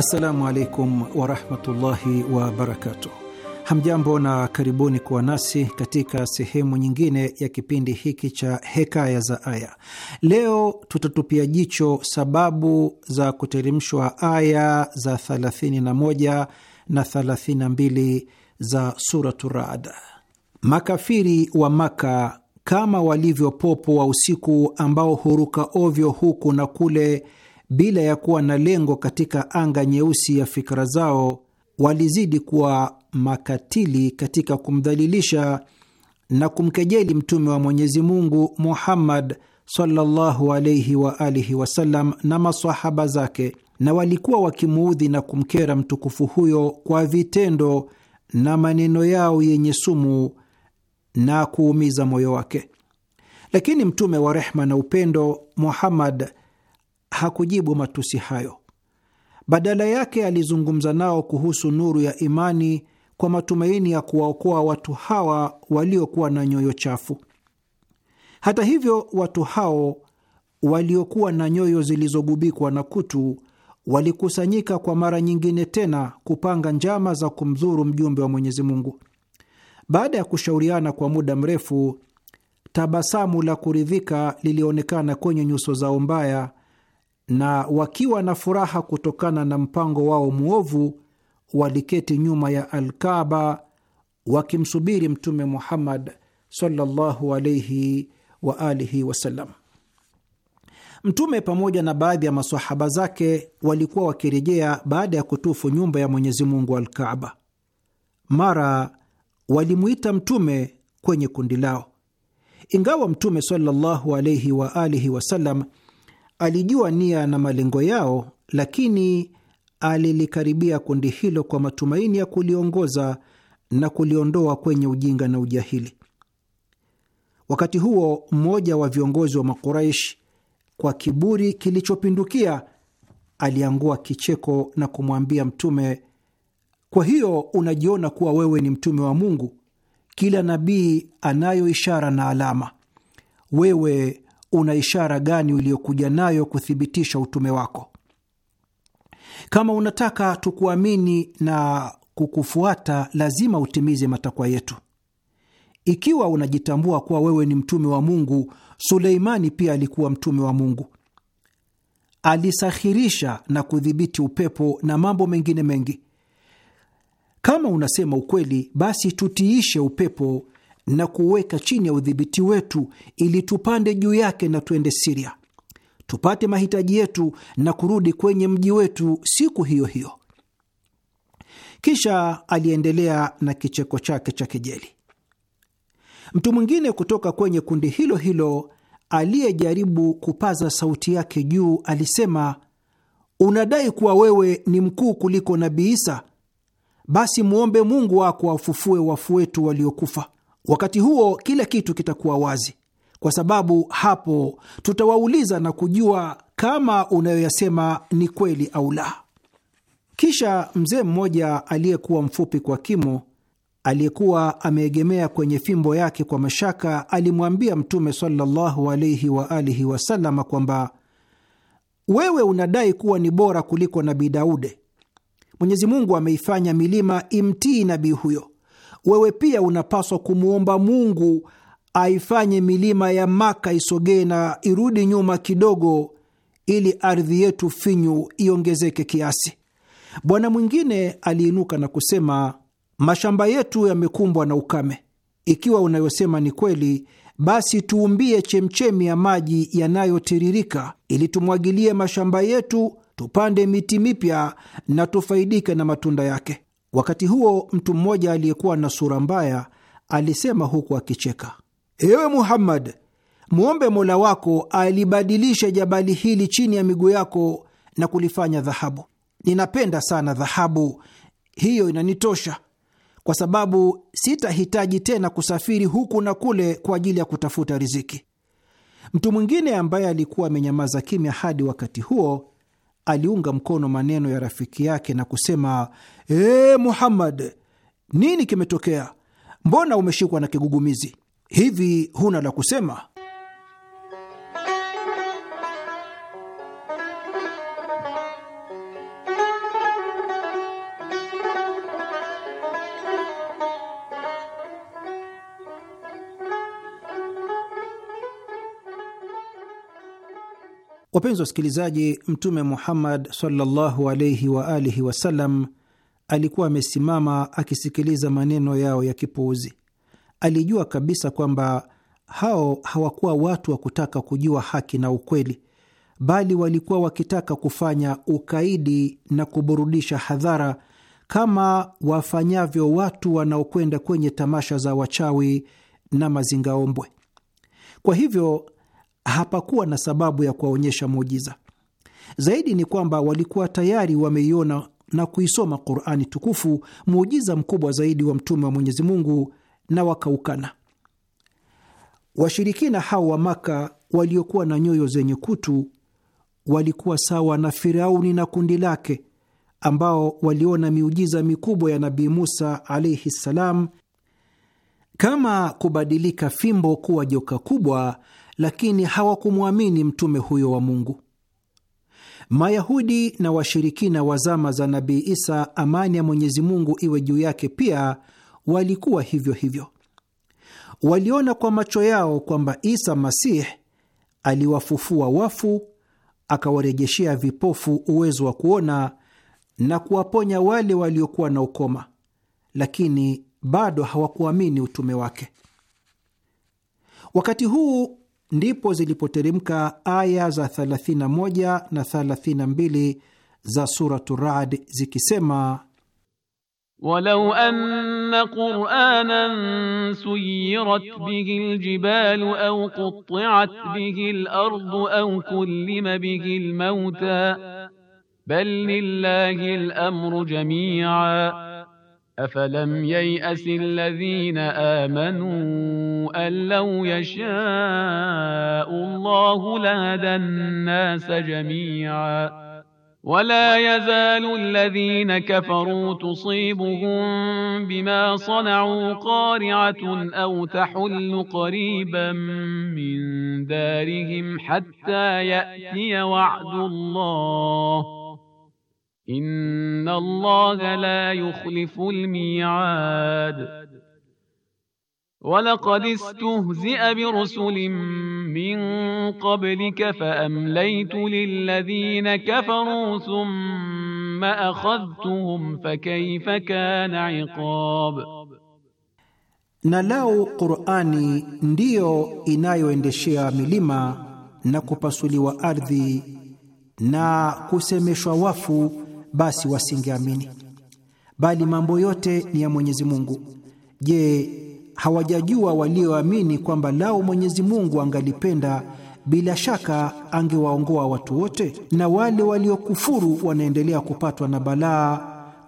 Assalamu alaikum warahmatullahi wabarakatuh. Hamjambo na karibuni kuwa nasi katika sehemu nyingine ya kipindi hiki cha Hekaya za Aya. Leo tutatupia jicho sababu za kuteremshwa aya za 31 na 32 za Suratu Raad. Makafiri wa Maka kama walivyo popo wa usiku ambao huruka ovyo huku na kule bila ya kuwa na lengo katika anga nyeusi ya fikra zao, walizidi kuwa makatili katika kumdhalilisha na kumkejeli mtume wa Mwenyezi Mungu Muhammad sallallahu alayhi wa alihi wasallam na masahaba zake, na walikuwa wakimuudhi na kumkera mtukufu huyo kwa vitendo na maneno yao yenye sumu na kuumiza moyo wake. Lakini mtume wa rehma na upendo Muhammad hakujibu matusi hayo. Badala yake alizungumza nao kuhusu nuru ya imani kwa matumaini ya kuwaokoa watu hawa waliokuwa na nyoyo chafu. Hata hivyo, watu hao waliokuwa na nyoyo zilizogubikwa na kutu walikusanyika kwa mara nyingine tena kupanga njama za kumdhuru mjumbe wa Mwenyezi Mungu. Baada ya kushauriana kwa muda mrefu, tabasamu la kuridhika lilionekana kwenye nyuso zao mbaya na wakiwa na furaha kutokana na mpango wao mwovu, waliketi nyuma ya Alkaba wakimsubiri Mtume Muhammad sallallahu alaihi wa alihi wasallam. Mtume pamoja na baadhi ya masahaba zake walikuwa wakirejea baada ya kutufu nyumba ya Mwenyezi Mungu Alkaaba. Mara walimwita Mtume kwenye kundi lao, ingawa Mtume sallallahu alaihi wa alihi wasallam Alijua nia na malengo yao, lakini alilikaribia kundi hilo kwa matumaini ya kuliongoza na kuliondoa kwenye ujinga na ujahili. Wakati huo mmoja wa viongozi wa Makuraish kwa kiburi kilichopindukia aliangua kicheko na kumwambia Mtume, kwa hiyo unajiona kuwa wewe ni mtume wa Mungu? Kila nabii anayo ishara na alama, wewe una ishara gani uliyokuja nayo kuthibitisha utume wako? Kama unataka tukuamini na kukufuata, lazima utimize matakwa yetu. Ikiwa unajitambua kuwa wewe ni mtume wa Mungu, Suleimani pia alikuwa mtume wa Mungu. Alisahirisha na kudhibiti upepo na mambo mengine mengi. Kama unasema ukweli, basi tutiishe upepo na kuweka chini ya udhibiti wetu, ili tupande juu yake na tuende Siria tupate mahitaji yetu na kurudi kwenye mji wetu siku hiyo hiyo. Kisha aliendelea na kicheko chake cha kejeli. Mtu mwingine kutoka kwenye kundi hilo hilo aliyejaribu kupaza sauti yake juu alisema, unadai kuwa wewe ni mkuu kuliko Nabii Isa? Basi mwombe Mungu wako afufue wafu wetu waliokufa. Wakati huo kila kitu kitakuwa wazi, kwa sababu hapo tutawauliza na kujua kama unayoyasema ni kweli au la. Kisha mzee mmoja aliyekuwa mfupi kwa kimo, aliyekuwa ameegemea kwenye fimbo yake kwa mashaka, alimwambia Mtume sallallahu alaihi wa alihi wasalama kwamba wewe unadai kuwa ni bora kuliko Nabii Daude. Mwenyezi Mungu ameifanya milima imtii nabii huyo wewe pia unapaswa kumwomba Mungu aifanye milima ya Maka isogee na irudi nyuma kidogo, ili ardhi yetu finyu iongezeke kiasi. Bwana mwingine aliinuka na kusema, mashamba yetu yamekumbwa na ukame. Ikiwa unayosema ni kweli, basi tuumbie chemchemi ya maji yanayotiririka ili tumwagilie mashamba yetu, tupande miti mipya na tufaidike na matunda yake. Wakati huo mtu mmoja aliyekuwa na sura mbaya alisema huku akicheka, ewe Muhammad, mwombe Mola wako alibadilishe jabali hili chini ya miguu yako na kulifanya dhahabu. Ninapenda sana dhahabu, hiyo inanitosha kwa sababu sitahitaji tena kusafiri huku na kule kwa ajili ya kutafuta riziki. Mtu mwingine ambaye alikuwa amenyamaza kimya hadi wakati huo aliunga mkono maneno ya rafiki yake na kusema, ee Muhammad, nini kimetokea? Mbona umeshikwa na kigugumizi hivi? Huna la kusema? Wapenzi wasikilizaji, Mtume Muhammad sallallahu alaihi wa alihi wasallam alikuwa amesimama akisikiliza maneno yao ya kipuuzi. Alijua kabisa kwamba hao hawakuwa watu wa kutaka kujua haki na ukweli, bali walikuwa wakitaka kufanya ukaidi na kuburudisha hadhara kama wafanyavyo watu wanaokwenda kwenye tamasha za wachawi na mazingaombwe. Kwa hivyo hapakuwa na sababu ya kuwaonyesha muujiza. Zaidi ni kwamba walikuwa tayari wameiona na kuisoma Qurani tukufu, muujiza mkubwa zaidi wa mtume wa Mwenyezi Mungu, na wakaukana. Washirikina hao wa Maka waliokuwa na nyoyo zenye kutu walikuwa sawa na Firauni na kundi lake ambao waliona miujiza mikubwa ya Nabii Musa alaihi ssalam, kama kubadilika fimbo kuwa joka kubwa lakini hawakumwamini mtume huyo wa Mungu. Mayahudi na washirikina wa zama za Nabii Isa, amani ya Mwenyezi Mungu iwe juu yake, pia walikuwa hivyo hivyo. Waliona kwa macho yao kwamba Isa Masih aliwafufua wafu, akawarejeshea vipofu uwezo wa kuona na kuwaponya wale waliokuwa na ukoma, lakini bado hawakuamini utume wake. Wakati huu ndipo zilipoteremka aya za 31 na 32 za Suratu Rad zikisema Walau anna Qur'anan suyirat bihi aljibalu au quti'at bihi alardu au kullima bihi almauta bal lillahi alamru jami'a أفلم ييأس الذين آمنوا أن لو يشاء الله لهدى الناس جميعا ولا يزال الذين كفروا تصيبهم بما صنعوا قارعة أو تحل قريبا من دارهم حتى يأتي وعد الله إن الله لا يخلف الميعاد ولقد استهزئ برسل من قبلك فأمليت للذين كفروا ثم أخذتهم فكيف كان عقاب na lau Qur'ani ndiyo inayoendeshea milima na kupasuliwa ardhi na kusemeshwa wafu basi wasingeamini. Bali mambo yote ni ya Mwenyezi Mungu. Je, hawajajua walioamini kwamba lao Mwenyezi Mungu angalipenda bila shaka angewaongoa watu wote? Na wale waliokufuru wanaendelea kupatwa na balaa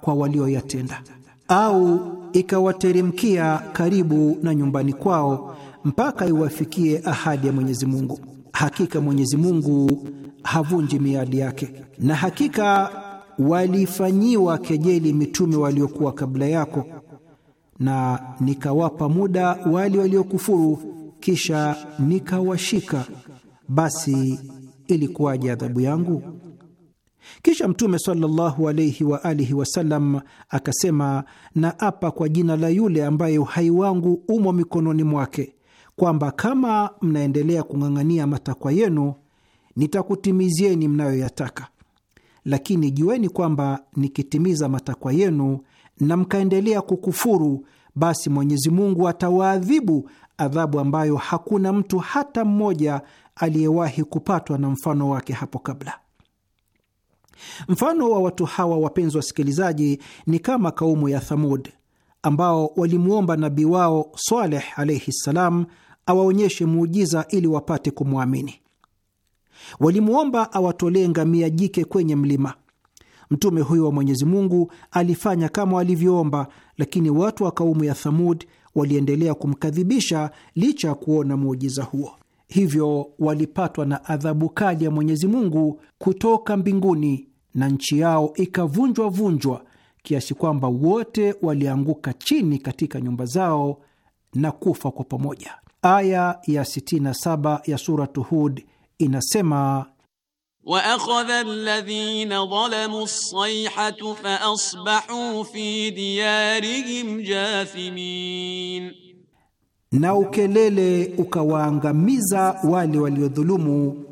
kwa walioyatenda, au ikawateremkia karibu na nyumbani kwao mpaka iwafikie ahadi ya Mwenyezi Mungu. Hakika Mwenyezi Mungu havunji miadi yake, na hakika walifanyiwa kejeli mitume waliokuwa kabla yako, na nikawapa muda wale waliokufuru, kisha nikawashika. Basi ilikuwaje adhabu yangu? Kisha Mtume sallallahu alaihi wa alihi wasallam akasema, na apa kwa jina la yule ambaye uhai wangu umo mikononi mwake, kwamba kama mnaendelea kung'ang'ania matakwa yenu, nitakutimizieni mnayoyataka lakini jueni kwamba nikitimiza matakwa yenu na mkaendelea kukufuru, basi Mwenyezi Mungu atawaadhibu adhabu ambayo hakuna mtu hata mmoja aliyewahi kupatwa na mfano wake hapo kabla. Mfano wa watu hawa, wapenzi wasikilizaji, ni kama kaumu ya Thamud ambao walimwomba nabii wao Saleh alaihi ssalam awaonyeshe muujiza ili wapate kumwamini. Walimwomba awatolee ngamia jike kwenye mlima. Mtume huyo wa Mwenyezi Mungu alifanya kama walivyoomba, lakini watu wa kaumu ya Thamud waliendelea kumkadhibisha licha ya kuona muujiza huo. Hivyo walipatwa na adhabu kali ya Mwenyezi Mungu kutoka mbinguni na nchi yao ikavunjwa vunjwa kiasi kwamba wote walianguka chini katika nyumba zao na kufa kwa pamoja. Aya ya 67 ya suratu Hud inasema wa akhadha alladhina zalamu as-sayhatu fa asbahu fi diyarihim jathimin, na ukelele ukawaangamiza wale waliodhulumu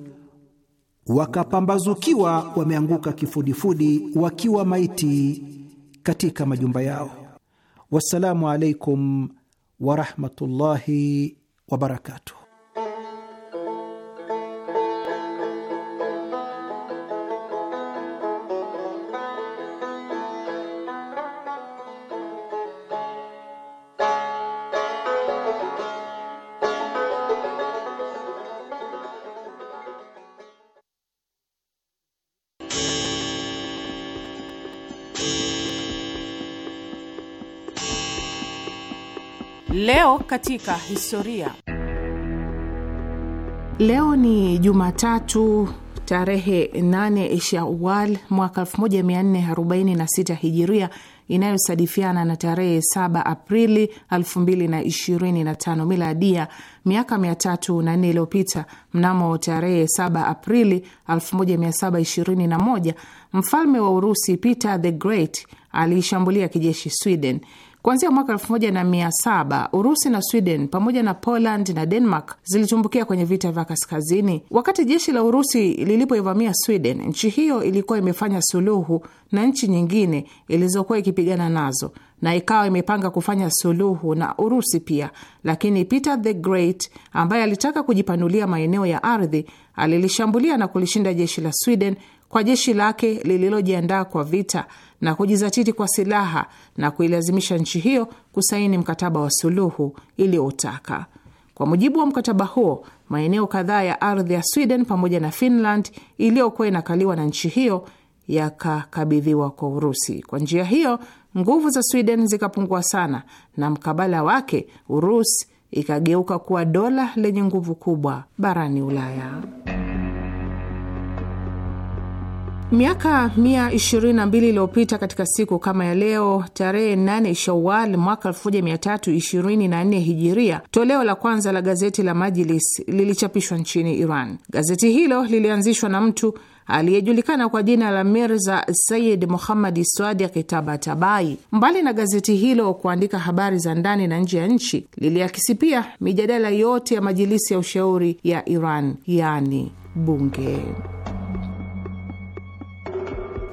wakapambazukiwa wameanguka kifudifudi wakiwa maiti katika majumba yao. Wassalamu alaikum warahmatullahi wabarakatuh. Leo katika historia. Leo ni Jumatatu tarehe 8 Shawal mwaka 1446 Hijiria inayosadifiana na tarehe 7 Aprili 2025 miladia. Miaka 304 iliyopita, mnamo tarehe 7 Aprili 1721, mfalme wa Urusi Peter the Great aliishambulia kijeshi Sweden. Kuanzia mwaka saba Urusi na Sweden pamoja na Poland na Denmark zilitumbukia kwenye vita vya kaskazini. Wakati jeshi la Urusi lilipoivamia Sweden, nchi hiyo ilikuwa imefanya suluhu na nchi nyingine ilizokuwa ikipigana nazo na ikawa imepanga kufanya suluhu na Urusi pia, lakini Peter the Great ambaye alitaka kujipanulia maeneo ya ardhi alilishambulia na kulishinda jeshi la Sweden kwa jeshi lake lililojiandaa kwa vita na kujizatiti kwa silaha na kuilazimisha nchi hiyo kusaini mkataba wa suluhu iliyoutaka Kwa mujibu wa mkataba huo, maeneo kadhaa ya ardhi ya Sweden pamoja na Finland iliyokuwa inakaliwa na nchi hiyo yakakabidhiwa kwa Urusi. Kwa njia hiyo, nguvu za Sweden zikapungua sana, na mkabala wake Urusi ikageuka kuwa dola lenye nguvu kubwa barani Ulaya. Miaka 122 iliyopita katika siku kama ya leo tarehe 8 Shawal mwaka 1324 Hijiria, toleo la kwanza la gazeti la Majlis lilichapishwa nchini Iran. Gazeti hilo lilianzishwa na mtu aliyejulikana kwa jina la Mirza Sayid Muhammadi Swadik Tabatabai. Mbali na gazeti hilo kuandika habari za ndani na nje ya nchi, liliakisi pia mijadala yote ya Majilisi ya Ushauri ya Iran, yani bunge.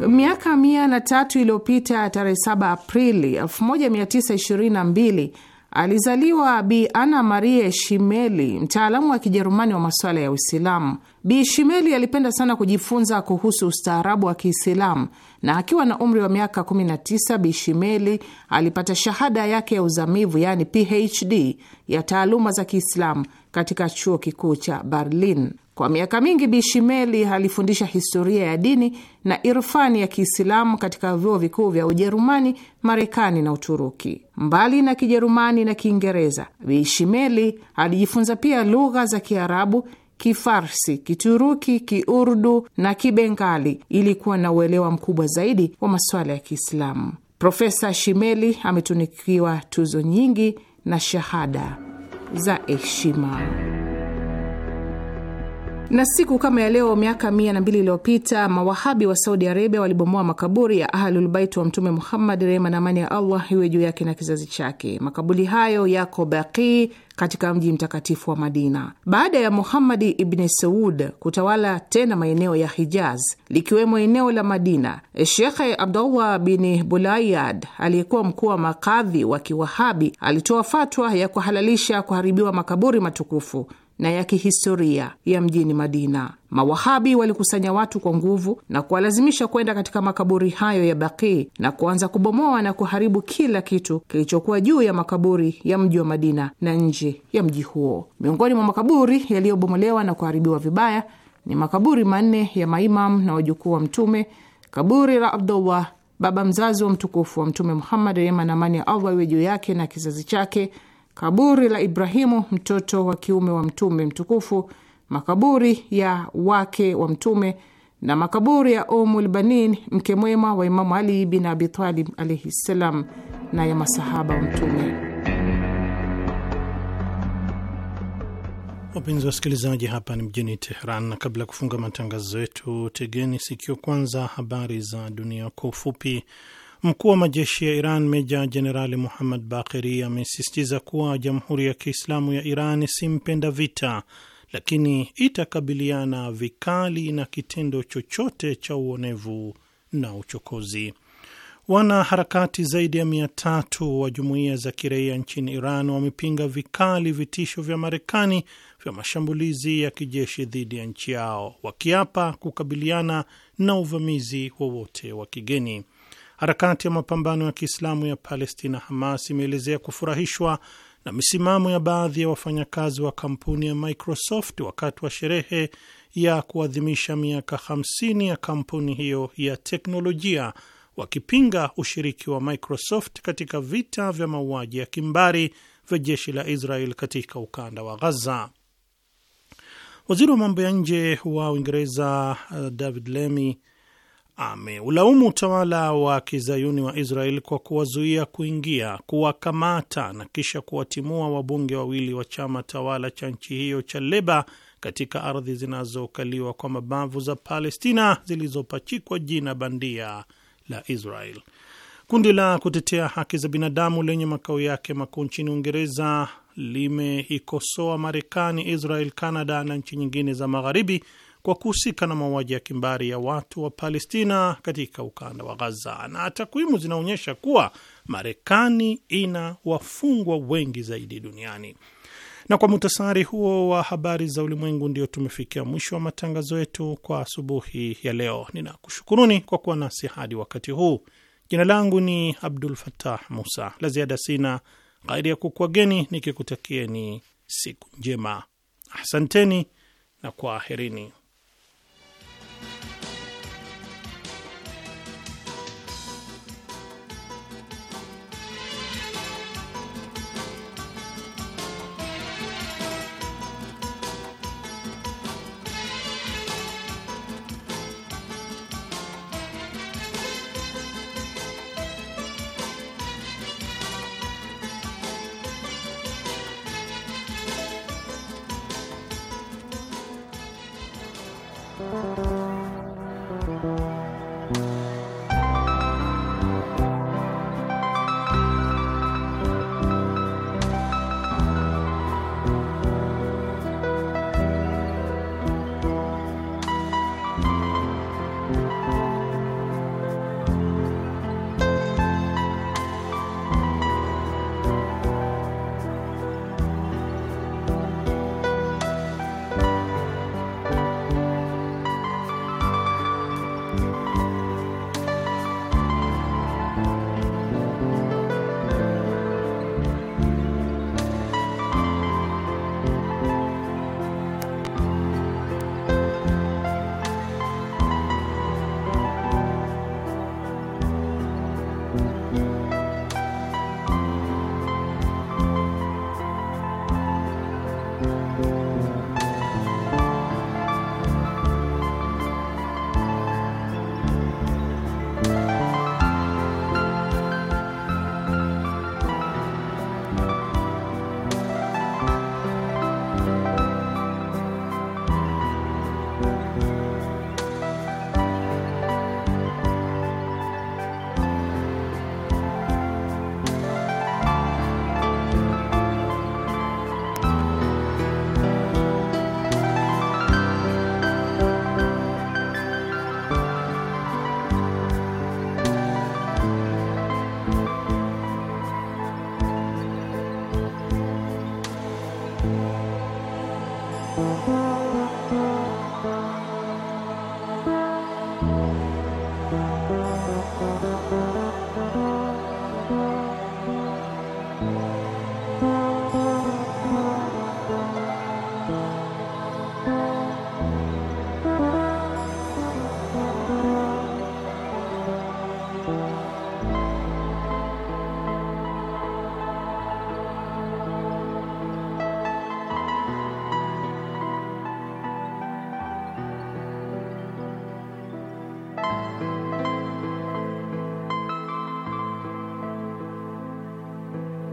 Miaka mia na tatu iliyopita tarehe 7 Aprili 1922 alizaliwa Bi Ana Marie Shimeli, mtaalamu wa Kijerumani wa masuala ya Uislamu. Bi Shimeli alipenda sana kujifunza kuhusu ustaarabu wa Kiislamu, na akiwa na umri wa miaka 19 Bi Shimeli alipata shahada yake ya uzamivu, yaani PhD ya taaluma za Kiislamu katika chuo kikuu cha Berlin. Kwa miaka mingi Bishimeli alifundisha historia ya dini na irfani ya Kiislamu katika vyuo vikuu vya Ujerumani, Marekani na Uturuki. Mbali na Kijerumani na Kiingereza, Bishimeli alijifunza pia lugha za Kiarabu, Kifarsi, Kituruki, Kiurdu na Kibengali ili kuwa na uelewa mkubwa zaidi wa masuala ya Kiislamu. Profesa Shimeli ametunikiwa tuzo nyingi na shahada za heshima. Na siku kama ya leo miaka mia na mbili iliyopita mawahabi wa Saudi Arabia walibomoa makaburi ya Ahlulbait wa Mtume Muhammad, rehma na amani ya Allah iwe juu yake na kizazi chake. Makaburi hayo yako Baqii katika mji mtakatifu wa Madina. Baada ya Muhammadi Ibni Saud kutawala tena maeneo ya Hijaz likiwemo eneo la Madina, Shekhe Abdullah bin Bulayad aliyekuwa mkuu wa makadhi wa Kiwahabi alitoa fatwa ya kuhalalisha kuharibiwa makaburi matukufu na ya kihistoria ya mjini Madina. Mawahabi walikusanya watu kwa nguvu na kuwalazimisha kwenda katika makaburi hayo ya Baqi na kuanza kubomoa na kuharibu kila kitu kilichokuwa juu ya makaburi ya mji wa Madina na nje ya mji huo. Miongoni mwa makaburi yaliyobomolewa na kuharibiwa vibaya ni makaburi manne ya maimam na wajukuu wa Mtume, kaburi la Abdullah, baba mzazi wa mtukufu wa Mtume Muhammad, rehma na amani ya Allah iwe juu yake na kizazi chake kaburi la Ibrahimu mtoto wa kiume wa mtume mtukufu, makaburi ya wake wa mtume na makaburi ya Umul Banin, mke mwema wa Imamu Ali bin Abitalib alaihi ssalam, na ya masahaba wa mtume. Wapenzi wasikilizaji, hapa ni mjini Teheran, na kabla ya kufunga matangazo yetu, tegeni sikio kwanza habari za dunia kwa ufupi. Mkuu wa majeshi ya Iran Meja Jenerali Muhammad Bakeri amesisitiza kuwa Jamhuri ya Kiislamu ya Iran si mpenda vita, lakini itakabiliana vikali na kitendo chochote cha uonevu na uchokozi. Wanaharakati zaidi ya mia tatu wa jumuiya za kiraia nchini Iran wamepinga vikali vitisho vya Marekani vya mashambulizi ya kijeshi dhidi ya nchi yao, wakiapa kukabiliana na uvamizi wowote wa kigeni. Harakati ya mapambano ya Kiislamu ya Palestina, Hamas, imeelezea kufurahishwa na misimamo ya baadhi ya wafanyakazi wa kampuni ya Microsoft wakati wa sherehe ya kuadhimisha miaka 50 ya kampuni hiyo ya teknolojia, wakipinga ushiriki wa Microsoft katika vita vya mauaji ya kimbari vya jeshi la Israel katika ukanda wa Gaza. Waziri wa mambo ya nje wa Uingereza uh, David Lammy ameulaumu utawala wa kizayuni wa Israel kwa kuwazuia kuingia, kuwakamata na kisha kuwatimua wabunge wawili wa chama tawala cha nchi hiyo cha Leba katika ardhi zinazokaliwa kwa mabavu za Palestina zilizopachikwa jina bandia la Israel. Kundi la kutetea haki za binadamu lenye makao yake makuu nchini Uingereza limeikosoa Marekani, Israel, Kanada na nchi nyingine za Magharibi kwa kuhusika na mauaji ya kimbari ya watu wa Palestina katika ukanda wa Gaza, na takwimu zinaonyesha kuwa Marekani ina wafungwa wengi zaidi duniani. Na kwa mutasari huo wa habari za ulimwengu, ndio tumefikia mwisho wa matangazo yetu kwa asubuhi ya leo. Ninakushukuruni kwa kuwa nasi hadi wakati huu. Jina langu ni Abdul fatah Musa. La ziada sina ghairi ya kukuageni nikikutakieni siku njema. Asanteni na kwaherini.